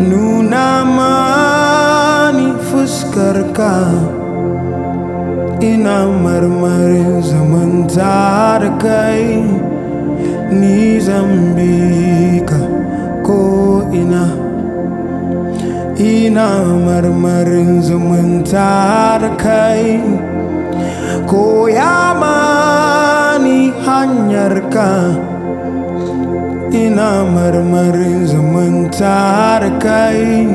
Nuna mani fuskarka Ina marmarin zamanta da kai Ni zambika ko ina Ina marmarin zamanta da kai Koya mani hanyarka Ina marmarin zumunta kai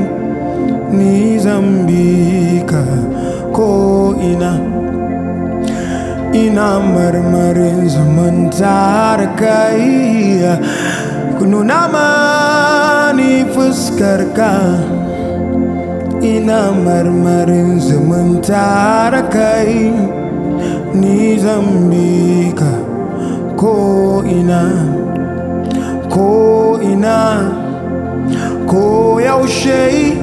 ni zambika ko ina Ina marmarin zumunta da kai nuna mani fuskarka ina marmarin zumunta kai ni zambika ko ina koina ko ya ushei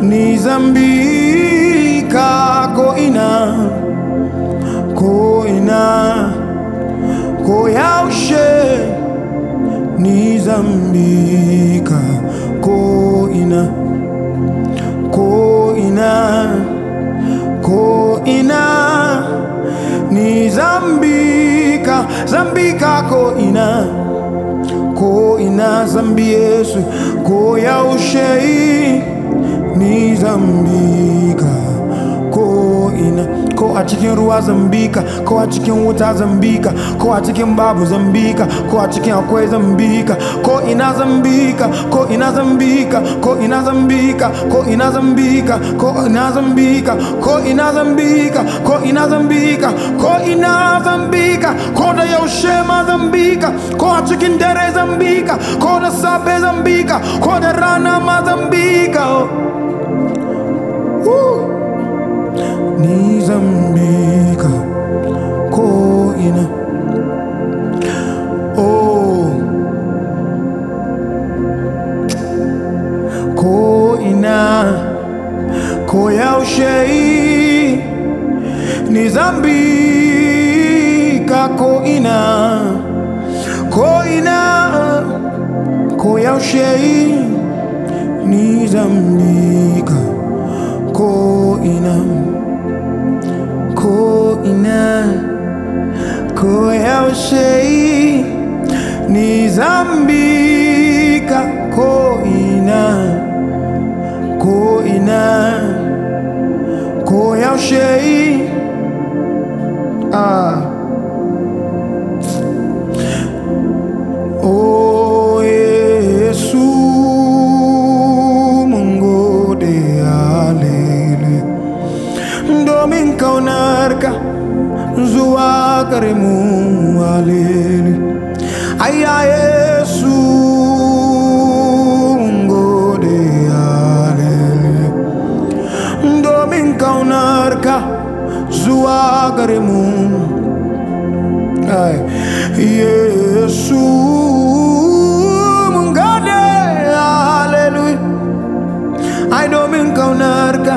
ni zambika koina koina ko ya ushei ni zambika koina koina koina ni zambika zambika dhambi Yesu, koya ushei ni dhambi na ko a cikin ruwa zambika ko a cikin wuta zambika ko a cikin babu zambika ko a cikin akwai zambika ko ina zambika ko ina zambika ko ina zambika ko ina zambika ko ina zambika ko ina zambika ko ina zambika ko ina zambika ko da yaushe ma zambika ko a cikin dare zambika ko da safe zambika ko da rana ma zambika oh. ko'ina ko'ina koyaushe ni zambika ko'ina ko'ina koyaushe ni كريم عليني أيا يسوع غودي عليني دومين كوناركا زوا كريم أي يسوع غودي عليني أي دومين كوناركا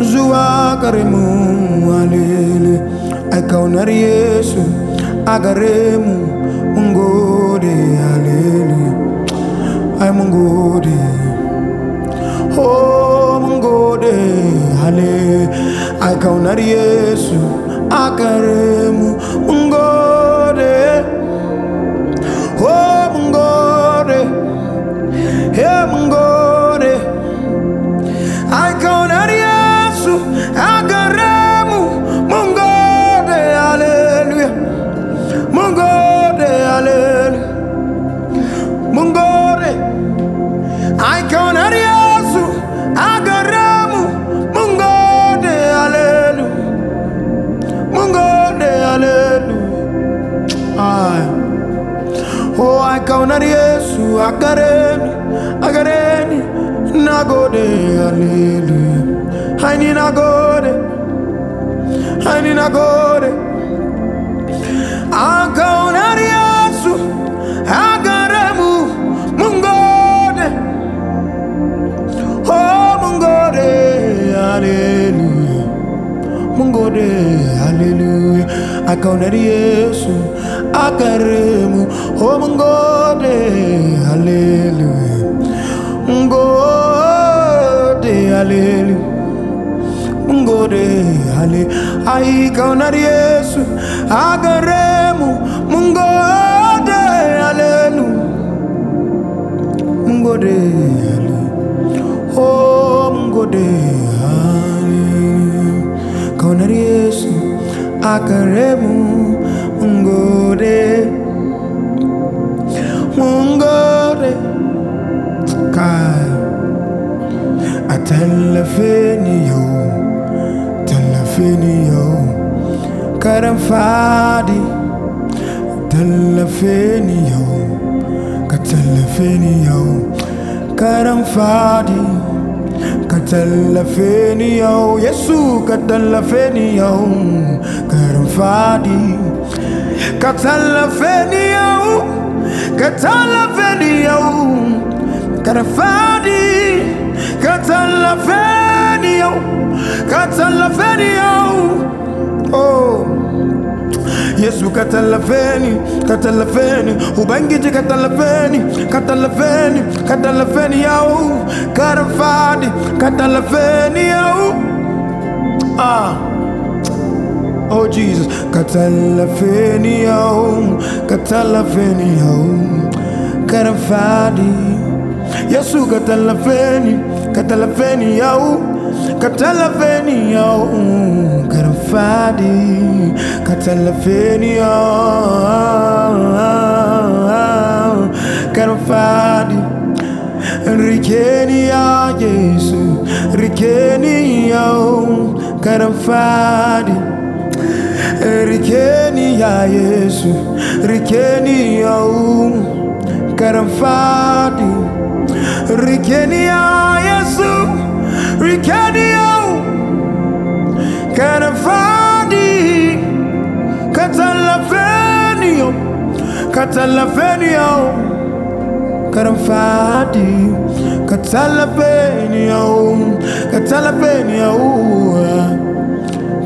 زوا كريم Kaunar Yesu agaremu gare mu mun gode haleluya ai mun oh mun gode hale ai kaunar Yesu a gare Oh, I akaonari yesu akaremi akareni nagode haleluya haini nagode I nagode akaonari yesu akaremu mungode oh mungode haleluya I haleluya akaonari yesu akaremu home oh, ngode hallelujah ngode oh, hallelujah ngode oh, hale aikona yesu akaremu ngode hallelujah ngode hale home ngode hale kona yesu akaremu ngore ngore kai atallafeni yo tallafeni yo karan fadi tallafeni yo ka tallafeni yo karan fadi ka tallafeni yo yesu ka tallafeni yo karan fadi Katala feni au Katala feni yau, Karafadi Katala feni au Katala feni yau, Oh Yesu katalafeni, katalafeni, ubangiji katalafeni, katalafeni, katalafeni yau, karafadi, katalafeni yau. Ah. Oh Jesus, katalafeni yao, katalafeni yao, karafadi. Yesu katalafeni, katalafeni yao, katalafeni yao, karafadi, katalafeni yao, karafadi. Rikeni ya Yesu, Jesus, yao, karafadi. Rikeni ya Yesu, rikeni ya umu karamfadi Rikeni ya Yesu, rikeni ya umu karamfadi Katalafeni yo, katalafeni ya umu karamfadi Katalafeni ya umu, katalafeni ya umu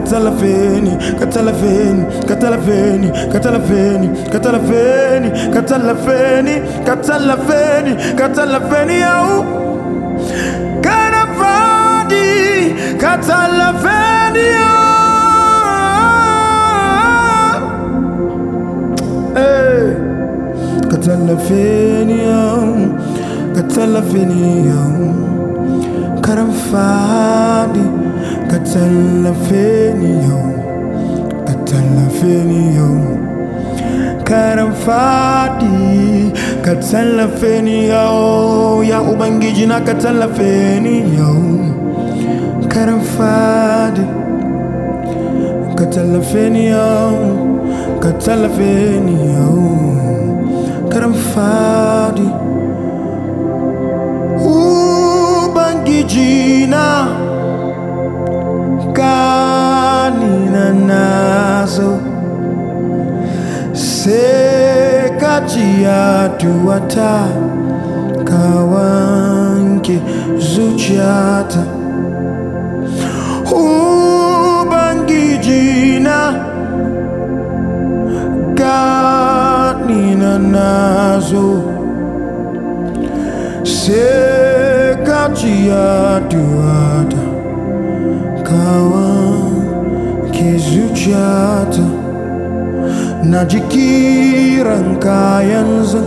Catalafeni, Catalafeni, Catalafeni, Catalafeni, Catalafeni, Catalafeni, Catalafeni, Catalafeni, au Canavadi, Catalafeni, Catalafeni, Catalafeni, Catalafeni, Caravadi atalafenio atalafenio karamfadi ka tallafe ni yau ya ubangiji na ka tallafe ni yau karamfadi ka ni ni azul sekatia tuata kawanke zuciata ubangijina kanina nazo se sekatia tuata zuciyata na jikiran kayanzu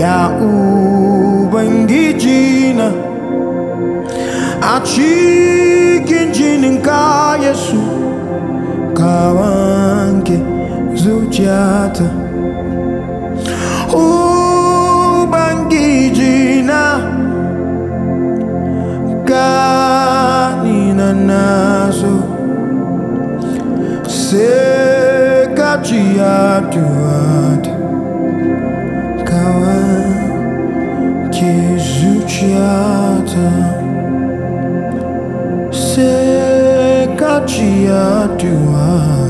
ya ubangiji na a cikin jinin kayasu kawanke zuciyata ubangiji na gani na nasu seca de abduado Kawan que zuchiata Seca de abduado